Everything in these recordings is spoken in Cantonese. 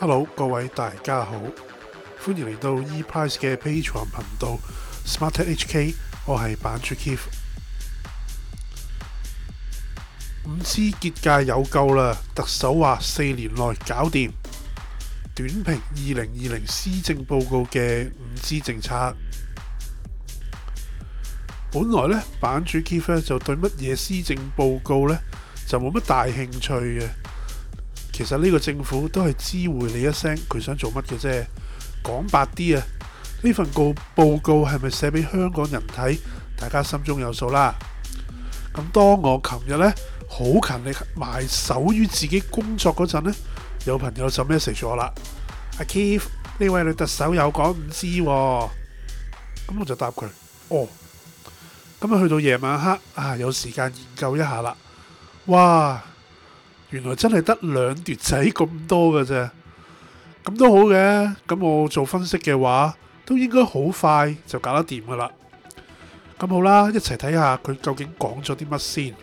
Hello，各位大家好，歡迎嚟到 ePrice 嘅 Patreon 頻道 Smart Tech HK，我係版主 Keith。5G 結界有救啦，特首話四年內搞掂。短評二零二零施政報告嘅 5G 政策。本來呢，版主 Keith 呢就對乜嘢施政報告呢就冇乜大興趣嘅。其實呢個政府都係知會你一聲佢想做乜嘅啫，講白啲啊，呢份告報告係咪寫俾香港人睇？大家心中有數啦。咁當我琴日呢，好勤力埋首於自己工作嗰陣呢，有朋友就 message 咗我啦，阿 Keith 呢位女特首有講唔知喎。咁我就答佢，哦，咁啊去到夜晚黑啊有時間研究一下啦，哇！原來真係得兩段仔咁多㗎啫，咁都好嘅。咁我做分析嘅話，都應該好快就搞得掂噶啦。咁好啦，一齊睇下佢究竟講咗啲乜先。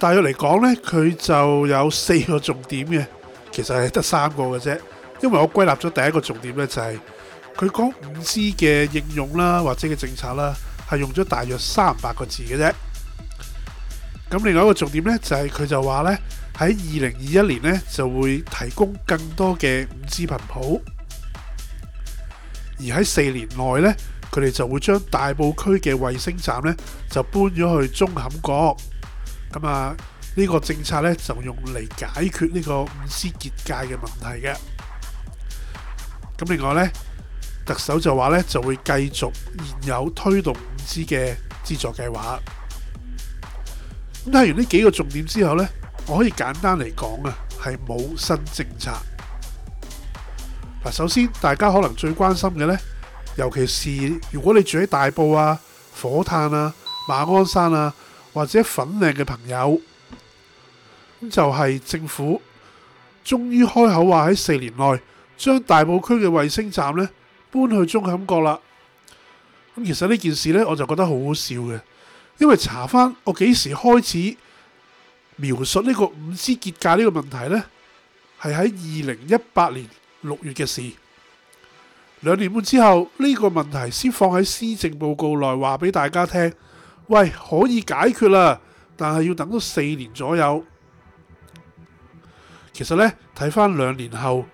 大約嚟講呢，佢就有四個重點嘅，其實係得三個嘅啫。因為我歸納咗第一個重點呢，就係佢講五 G 嘅應用啦，或者嘅政策啦，係用咗大約三百個字嘅啫。咁另外一個重點咧，就係佢就話咧，喺二零二一年咧就會提供更多嘅五 G 頻譜，而喺四年內咧，佢哋就會將大埔區嘅衛星站咧就搬咗去中峽角。咁啊，呢個政策咧就用嚟解決呢個五 G 結界嘅問題嘅。咁另外咧，特首就話咧就會繼續現有推動五 G 嘅資助計劃。睇完呢幾個重點之後呢，我可以簡單嚟講啊，係冇新政策。嗱，首先大家可能最關心嘅呢，尤其是如果你住喺大埔啊、火炭啊、馬鞍山啊或者粉嶺嘅朋友，咁就係、是、政府終於開口話喺四年內將大埔區嘅衛星站呢搬去舂磡角啦。咁其實呢件事呢，我就覺得好好笑嘅。因為查翻我幾時開始描述呢個 5G 結界呢個問題呢，係喺二零一八年六月嘅事。兩年半之後呢、呢個問題先放喺施政報告內話俾大家聽，喂，可以解決啦，但係要等到四年左右。其實呢，睇翻兩年後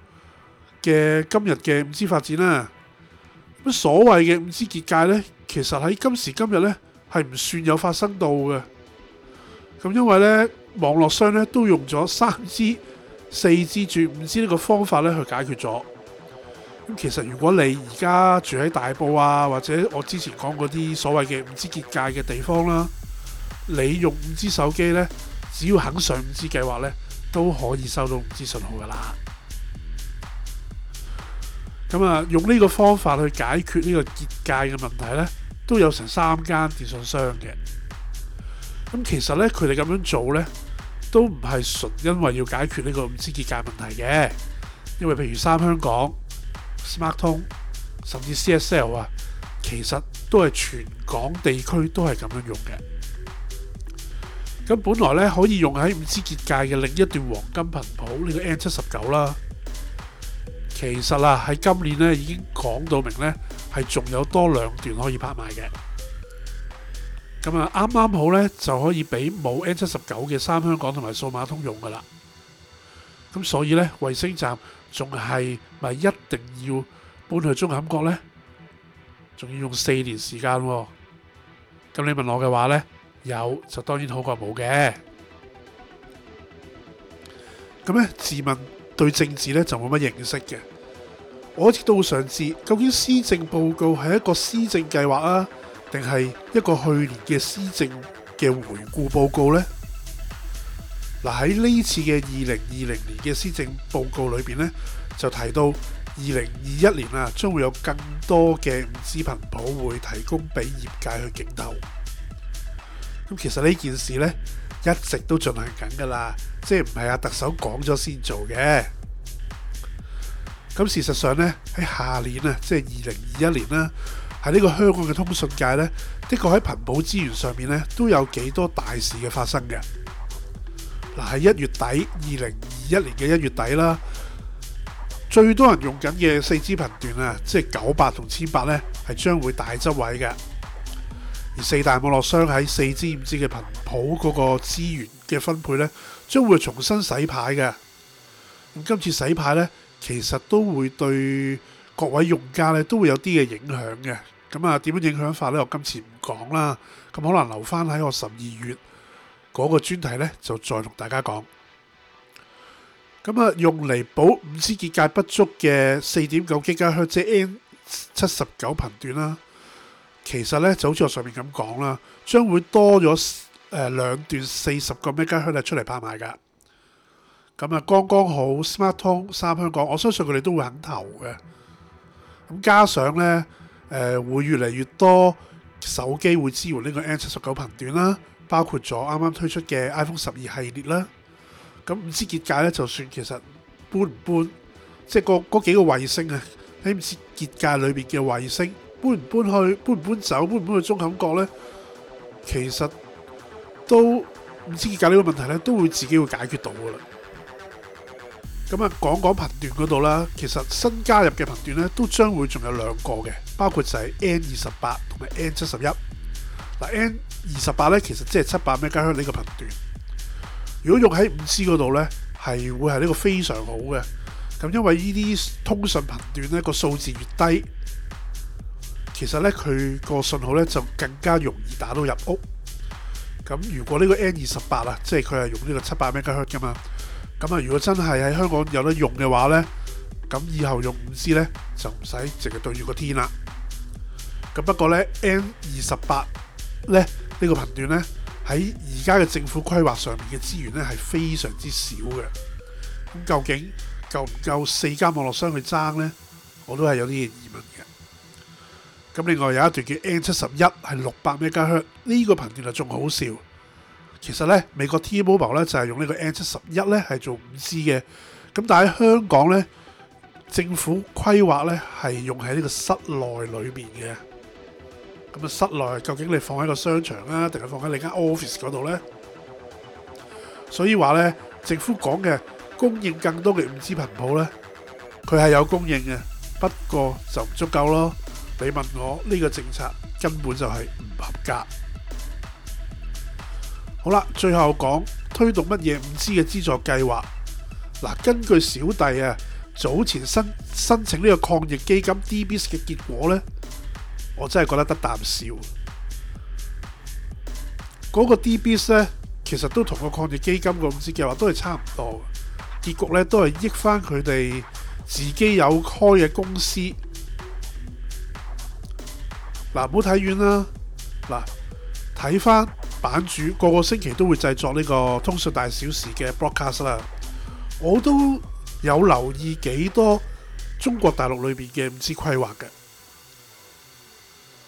嘅今日嘅 5G 發展啦，所謂嘅 5G 結界呢，其實喺今時今日呢。係唔算有發生到嘅，咁因為呢，網絡商呢都用咗三支、四支轉五支呢個方法呢去解決咗。咁其實如果你而家住喺大埔啊，或者我之前講嗰啲所謂嘅五支結界嘅地方啦，你用五支手機呢，只要肯上五支計劃呢，都可以收到五支信號噶啦。咁啊，用呢個方法去解決呢個結界嘅問題呢。都有成三間電信商嘅，咁其實呢，佢哋咁樣做呢，都唔係純因為要解決呢個五 G 結界問題嘅，因為譬如三香港、Smart 通，甚至 CSL 啊，其實都係全港地區都係咁樣用嘅。咁本來呢，可以用喺五 G 結界嘅另一段黃金頻譜呢，呢個 N 七十九啦，其實啊喺今年呢，已經講到明呢。係仲有多兩段可以拍賣嘅。咁啊啱啱好呢，就可以俾冇 N 七十九嘅三香港同埋數碼通用㗎喇。咁所以呢，衛星站仲係咪一定要搬去中亞國呢？仲要用四年時間？咁你問我嘅話呢，有就當然好過冇嘅。咁呢自問對政治呢就冇乜認識嘅。我一直都好想知，究竟施政報告係一個施政計劃啊，定係一個去年嘅施政嘅回顧報告呢？嗱，喺呢次嘅二零二零年嘅施政報告裏邊呢，就提到二零二一年啊，將會有更多嘅 5G 頻譜會提供俾業界去競投。咁其實呢件事呢，一直都進行緊噶啦，即係唔係阿特首講咗先做嘅。咁事實上呢，喺下年啊，即係二零二一年啦，喺呢個香港嘅通訊界呢，的確喺頻譜資源上面呢，都有幾多大事嘅發生嘅。嗱，喺一月底二零二一年嘅一月底啦，最多人用緊嘅四 G 頻段啊，即係九百同千八呢，係將會大執位嘅。而四大網絡商喺四 G 五 G 嘅頻譜嗰個資源嘅分配呢，將會重新洗牌嘅。咁今次洗牌呢。其實都會對各位用家咧都會有啲嘅影響嘅，咁啊點樣影響法呢？我今次唔講啦，咁可能留翻喺我十二月嗰個專題咧，就再同大家講。咁啊，用嚟補 5G 結界不足嘅四點九吉加靴，即 N 七十九頻段啦。其實呢，就好似我上面咁講啦，將會多咗誒兩段四十個 mega 加靴出嚟拍賣噶。咁啊，剛剛好 SmarTone、三香港，我相信佢哋都會肯投嘅。咁加上呢，誒會越嚟越多手機會支援呢個 N 七十九頻段啦，包括咗啱啱推出嘅 iPhone 十二系列啦。咁唔知結界呢，就算其實搬唔搬，即係個嗰幾個衛星啊，喺唔知結界裏面嘅衛星搬唔搬去、搬唔搬走、搬唔搬去中感國呢，其實都唔知結界呢個問題呢，都會自己會解決到噶啦。咁啊，講講頻段嗰度啦。其實新加入嘅頻段咧都將會仲有兩個嘅，包括就係 N 二十八同埋 N 七十一。嗱，N 二十八咧其實即係七百 MHz 呢個頻段，如果用喺五 G 嗰度咧，係會係呢個非常好嘅。咁因為呢啲通訊頻段咧個數字越低，其實咧佢個信號咧就更加容易打到入屋。咁如果呢個 N 二十八啊，即係佢係用呢個七百 MHz 嘅嘛。咁啊！如果真係喺香港有得用嘅話呢，咁以後用 5G 呢，就唔使淨係對住個天啦。咁不過呢 N 二十八呢，呢個頻段呢，喺而家嘅政府規劃上面嘅資源呢，係非常之少嘅。咁究竟夠唔夠四間網絡商去爭呢？我都係有啲疑問嘅。咁另外有一段叫 N 七十一係六百 MHz 呢個頻段就仲好笑。其實咧，美國 T-Mobile 咧就係用呢個 N 七十一咧係做五 G 嘅，咁但係香港咧，政府規劃咧係用喺呢個室內裏面嘅。咁啊，室內究竟你放喺個商場啊，定係放喺你間 office 嗰度咧？所以話咧，政府講嘅供應更多嘅五 G 頻譜咧，佢係有供應嘅，不過就唔足夠咯。你問我呢個政策根本就係唔合格。好啦，最後講推動乜嘢 5G 嘅資助計劃？嗱，根據小弟啊早前申申請呢個抗疫基金 D-Biz 嘅結果呢，我真係覺得得啖笑。嗰、那個 D-Biz 呢，其實都同個抗疫基金個 5G 計劃都係差唔多，結局呢都係益翻佢哋自己有開嘅公司。嗱，唔好睇遠啦，嗱，睇翻。版主個個星期都會製作呢個通訊大小事嘅 broadcast 啦，我都有留意幾多中國大陸裏面嘅 5G 規劃嘅，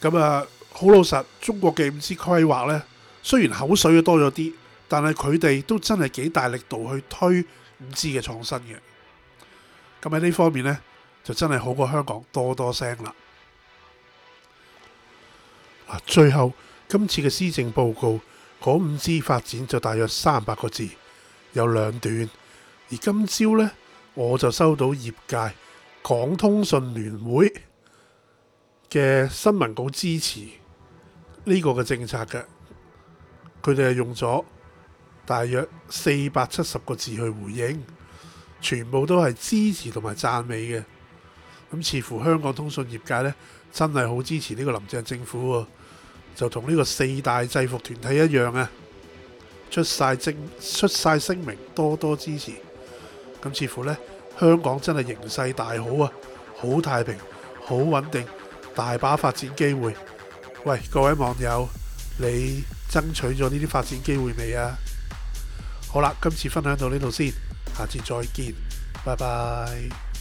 咁啊好老實，中國嘅 5G 規劃呢，雖然口水多咗啲，但係佢哋都真係幾大力度去推 5G 嘅創新嘅，咁喺呢方面呢，就真係好過香港多多聲啦。最後。今次嘅施政報告，講 5G 發展就大約三百個字，有兩段。而今朝呢，我就收到業界港通訊聯會嘅新聞稿支持呢、這個嘅政策嘅，佢哋係用咗大約四百七十個字去回應，全部都係支持同埋讚美嘅。咁似乎香港通訊業界呢，真係好支持呢個林鄭政府喎。就同呢個四大制服團體一樣啊，出曬證出曬聲明，多多支持。咁似乎呢，香港真係形勢大好啊，好太平，好穩定，大把發展機會。喂，各位網友，你爭取咗呢啲發展機會未啊？好啦，今次分享到呢度先，下次再見，拜拜。